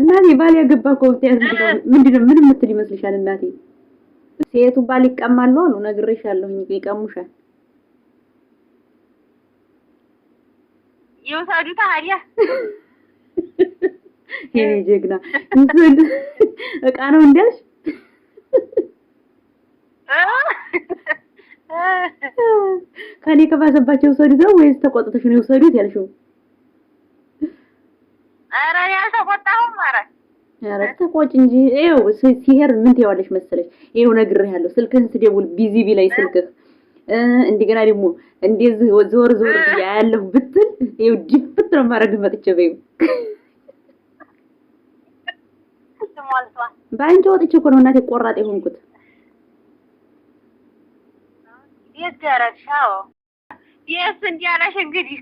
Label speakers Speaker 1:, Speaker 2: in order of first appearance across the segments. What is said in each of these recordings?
Speaker 1: እናቴ ባል ያገባ እኮ ምንድነው? ምን የምትል ይመስልሻል? እናቴ ሴቱ ባል ይቀማሉ አሉ። ነግሬሻለሁ፣ ይቀሙሻል።
Speaker 2: የወሰዱታ ታዲያ
Speaker 1: የኔ ጀግና እቃ ነው እንዲያልሽ ከኔ ከባሰባቸው የወሰዱት ነው ወይስ ተቆጥተሽ ነው የውሰዱት ያልሽው?
Speaker 2: ኧረ እኔ አልተቆጣሁም። ኧረ
Speaker 1: ኧረ ተቆጭ እንጂ ይኸው ሲሄር ምን ትይዋለሽ መሰለሽ፣ ይኸው እነግርሻለሁ። ስልክህን ስደውል ቢዚ ቢ ላይ ስልክህ እንደገና ደግሞ እንደዚህ ዞር ዞር ያለሁ ብትል ይኸው ድፍት ነው የማደርግህ መጥቼ በይው በአንቺ ወጥቼ እኮ ነው እናቴ ቆራጥ የሆንኩት።
Speaker 2: የት ደረሻው? የት እንዲያለሽ እንግዲህ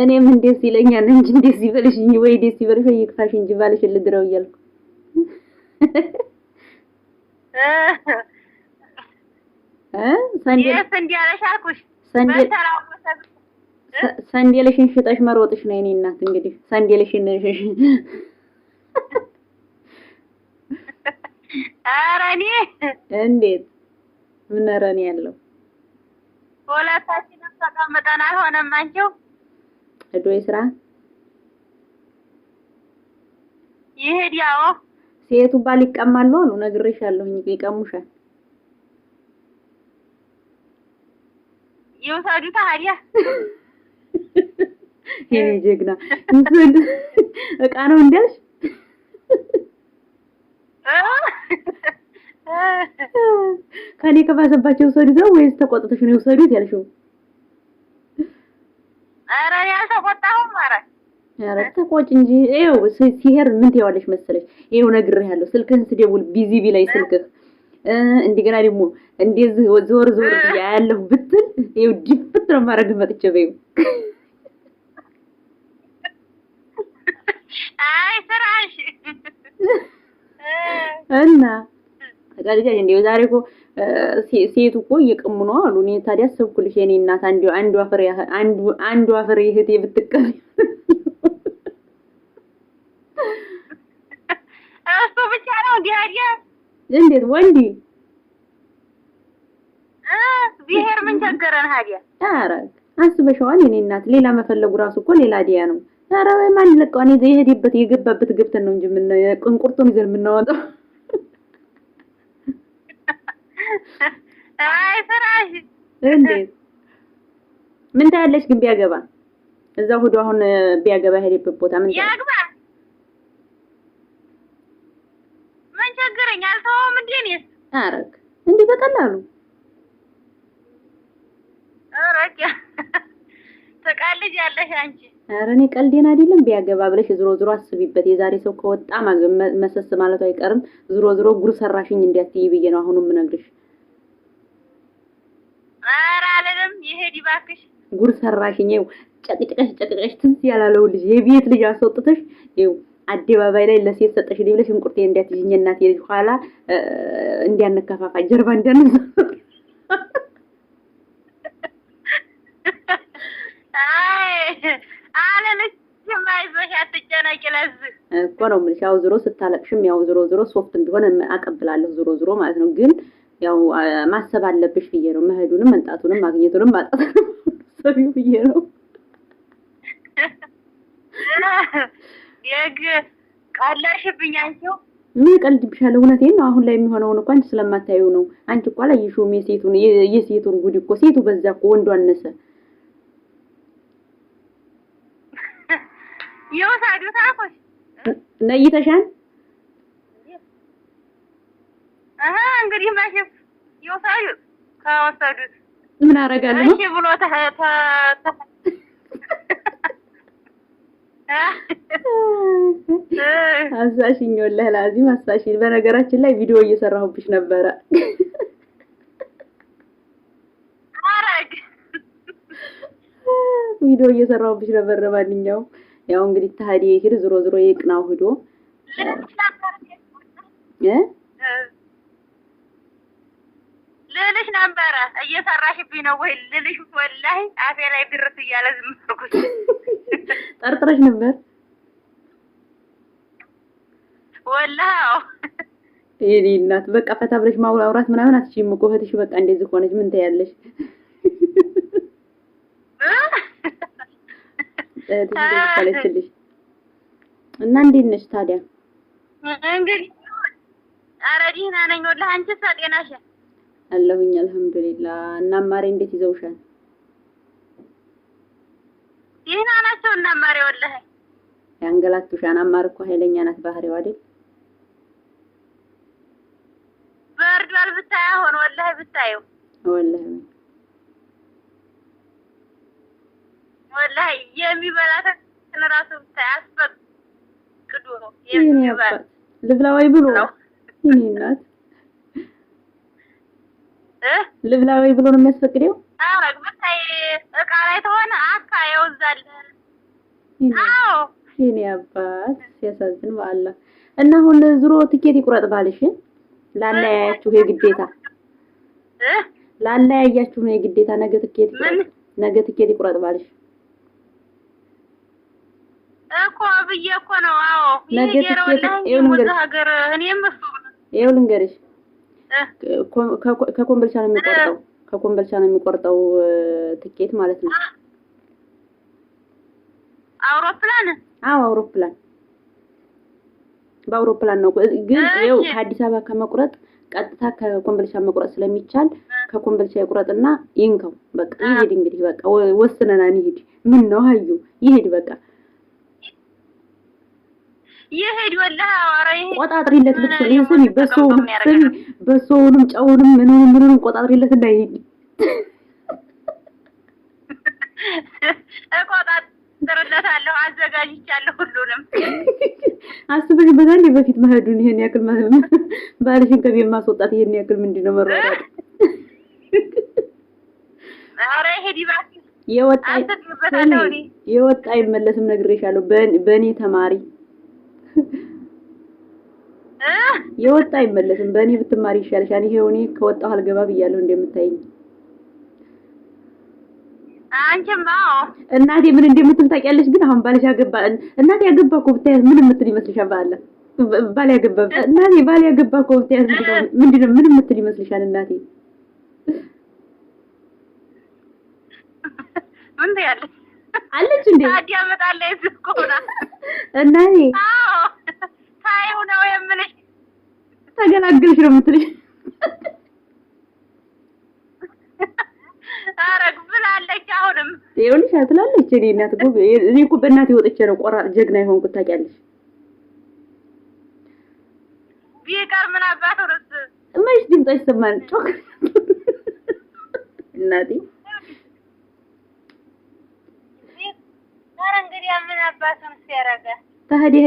Speaker 1: እኔም እንዴት ይለኛል እንጂ እንዴት ይበልሽ ወይ ደስ ይበልሽ ወይ እንጂ ባልሽ ልድረው እያልኩ እ ሽጠሽ መሮጥሽ ነው የኔ እናት። እንግዲህ ሰንዴልሽን ኧረ እኔ እንዴት ምን ኧረ እኔ ያለው
Speaker 2: ሁለታችንም ተቀምጠን አልሆነም አንቺው ሄዶ ስራ ይሄድ ያው
Speaker 1: ሴቱ ባል ይቀማሉ አሉ። ነግሬሻለሁኝ ይቀሙሻል።
Speaker 2: ይውሰዱ ታዲያ
Speaker 1: ይሄ ጀግና እቃ ነው እንዲያልሽ ከኔ ከባሰባቸው ይውሰዱት ነው ወይስ ተቆጥተሽ ነው የውሰዱት ያልሽው?
Speaker 2: ኧረ እኔ አልተቆጣሁም። ኧረ
Speaker 1: ኧረ ተቆጭ እንጂ ይኸው ሲሄር ምን ትይዋለሽ መሰለሽ፣ ይኸው እነግርሻለሁ። ስልክህን ስደውል ቢዚ ቢላይ ስልክህ እንደገና ደግሞ እንደዚህ ዞር ዞር ያለው ብትል ይኸው ድፍት ነው የማደርግህ መጥቼ በይው።
Speaker 2: አይ ስራሽ
Speaker 1: እና ቀልጃጅ እንዴ ዛሬ እኮ ሴት እኮ እየቀሙ ነው አሉ። እኔ ታዲያ አሰብኩልሽ የኔ እናት አንዱ አፍሬ አንዱ አንዱ አፍሬ እህቴ ብትቀም
Speaker 2: እሱ ብቻ ነው እንዴ? እንዴት ወንዲ ብሄር ምን ቸገረን? ሀዲያ
Speaker 1: አስበሽዋል የኔ እናት። ሌላ መፈለጉ ራሱ እኮ ሌላ ዲያ ነው። ወይ ማን ለቀው እኔ የሄደበት የገባበት ግብተን ነው እንጂ ምን ቁንቁርቱን ይዘን የምናወጣው
Speaker 2: አይ
Speaker 1: እንዴት ምን ታያለሽ? ግን ቢያገባ እዛ ሁዱ አሁን ቢያገባ ሄደበት ቦታ ምን
Speaker 2: ያግባ? ምን ቸገረኝ? አልተወውም እንዴ እኔስ።
Speaker 1: አረግ እንዴ በቀላሉ
Speaker 2: አረግ ተቃልጅ ያለሽ አንቺ።
Speaker 1: ኧረ እኔ ቀልዴን አይደለም። ቢያገባ ብለሽ ዝሮ ዝሮ አስቢበት። የዛሬ ሰው ከወጣ መሰስ ማለቱ አይቀርም። ዝሮ ዝሮ ጉር ሰራሽኝ እንዲያትይ ብዬ ነው አሁኑ የምነግርሽ።
Speaker 2: ኧረ አልልም። ይሄድ ይባክሽ።
Speaker 1: ጉር ሰራሽኝ። ይኸው ጨቅጭቀሽ ጨቅጭቀሽ ትዝ ያላለው ልጅ የቤት ልጅ አስወጥተሽ ይኸው አደባባይ ላይ ለሴት ሰጠሽ ብለሽ እንቁርቴ እንዳትይኝ እናቴ ልጅ ኋላ እንዲያነከፋፋ ጀርባ እንዳንዛ እኮ ነው የምልሽ። ያው ዝሮ ስታለቅሽም ያው ዝሮ ዝሮ ሶፍት እንዲሆን አቀብላለሁ ዝሮ ዝሮ ማለት ነው ግን ያው ማሰብ አለብሽ ብዬ ነው። መሄዱንም መንጣቱንም ማግኘቱንም ማጣቱንም ሰቢው ብዬ ነው።
Speaker 2: የግ ቀላሽብኝ አንቺው
Speaker 1: ምን ቀልድብሻለሁ? እውነቴን ነው። አሁን ላይ የሚሆነውን እኮ አንቺ ስለማታዩ ነው። አንቺ እኮ አላየሽውም። የሴቱን የሴቱን ጉድ እኮ ሴቱ በዛ እኮ ወንዱ አነሰ።
Speaker 2: ይወሳዱ ይወሳዱታ ነይተሻን እንግዲህ መቼም ይወሰዱት ከወሰዱት
Speaker 1: ምን አደርጋለሁ እሺ ብሎ አሳሽኝ ወላሂ ላዚም አሳሽኝ። በነገራችን ላይ ቪዲዮ እየሰራሁብሽ ነበረ። ቪዲዮ እየሰራሁብሽ ነበር። ለማንኛውም ያው እንግዲህ ታዲያ ይሄድ ዞሮ ዞሮ ይቅናው ሂዶ
Speaker 2: ልልሽ ነበረ እየሰራሽብኝ ነው ወይ ልልሽ፣ ወላሂ አፌ ላይ ድርስ እያለ ዝም አልኩሽ።
Speaker 1: ጠርጥረሽ ነበር ወላሂ። አዎ እናት በቃ ፈታ ብለሽ ማውራት ምናምን አትችይም እኮ እህትሽ በቃ እንደዚህ ከሆነች ምን ትያለሽ? እና እንዴት ነሽ ታዲያ?
Speaker 2: እንግዲህ ኧረ ደህና ነኝ ወላሂ። አንቺስ ጤናሽ
Speaker 1: አለሁኝ አልሐምዱሊላ። እና ማሬ እንዴት ይዘውሻል?
Speaker 2: ይህን አናቸው እና ማሬ ወለህ
Speaker 1: ያንገላቱሽ። አናማር እኮ ኃይለኛ ናት ባህሪው አይደል?
Speaker 2: በርዷል ብታይ አሁን ወላሂ ብታዩ ወለህ ወላሂ የሚበላትን ራሱ ብታይ አስፈቅዶ ነው የሚበላ
Speaker 1: ልብላ ወይ ብሎ ይሄ ናት ልብላ ወይ ብሎ ነው የሚያስፈቅደው።
Speaker 2: እቃ ላይ ተሆነ አካ ያውዛል።
Speaker 1: አዎ አባት ሲያሳዝን በአላ እና አሁን ትኬት ይቁረጥ ባልሽ ላለያያችሁ የግዴታ ላለያያችሁ ነው የግዴታ። ነገ ትኬት ነገ ትኬት ይቁረጥ ባልሽ
Speaker 2: እኮ ብዬሽ እኮ ነው። አዎ ነገ ትኬት
Speaker 1: ይሄው ልንገርሽ ከኮምቦልቻ ነው የሚቆርጠው ከኮምቦልቻ ነው የሚቆርጠው ትኬት ማለት ነው። አውሮፕላን አዎ፣ አውሮፕላን በአውሮፕላን ነው። ግን ይኸው ከአዲስ አበባ ከመቁረጥ ቀጥታ ከኮምቦልቻ መቁረጥ ስለሚቻል ከኮምቦልቻ ይቁረጥና ይንከው። በቃ ይሄድ እንግዲህ በቃ ወስነና ይሄድ። ምን ነው አዩ ይሄድ በቃ
Speaker 2: ይሄድ ወላሂ
Speaker 1: ቆጣጥሪለት ብትሰሚ በሶውንም ስሚ በሶውንም ጨውንም ምንንም ምንም ቆጣጥሪለት እንዳይሄድ
Speaker 2: እቆጣጥርለታለሁ። አዘጋጅቻለሁ ሁሉንም።
Speaker 1: አስበሽበታል በፊት መሄዱን ይሄን ያክል ባልሽን ከቤት ማስወጣት ይሄን ያክል ምንድን ነው መረዳት?
Speaker 2: ኧረ ይሄድ ይባክሽ የወጣ
Speaker 1: የወጣ አይመለስም። ነግሬሻለሁ። በእኔ ተማሪ የወጣ አይመለስም። በእኔ ብትማሪ ይሻልሽ። ያኔ ሄውኒ ከወጣሁ አልገባ ብያለሁ እንደምታይኝ አንቺማ እናቴ ምን እንደምትል ታውቂያለሽ። ግን አሁን ባልሽ አገባ እናቴ ያገባ እኮ ብታያት ምን የምትል ይመስልሻል? ባለ ባል ያገባ እናቴ ባል ያገባ እኮ ብታያት ምንድን ነው ምን የምትል ይመስልሻል? እናቴ ምን ትያለሽ? አለች እንዴ
Speaker 2: ታዲያ መጣለች እዚህ
Speaker 1: እና እናቴ ተገላገልሽ ነው የምትልሽ።
Speaker 2: አረግ ብላለች። አሁንም
Speaker 1: ይኸውልሽ አትላለች። እኔ እናት እኔ እኮ በእናቴ ወጥቼ ነው ቆራጥ ጀግና የሆንኩት ታውቂያለሽ።
Speaker 2: ቢቀር ምን አባት ወርስ
Speaker 1: መች ድምፅ አይሰማን ጮክ እናቴ
Speaker 2: ኧረ እንግዲህ ምን አባት ወርስ
Speaker 1: ታዲያ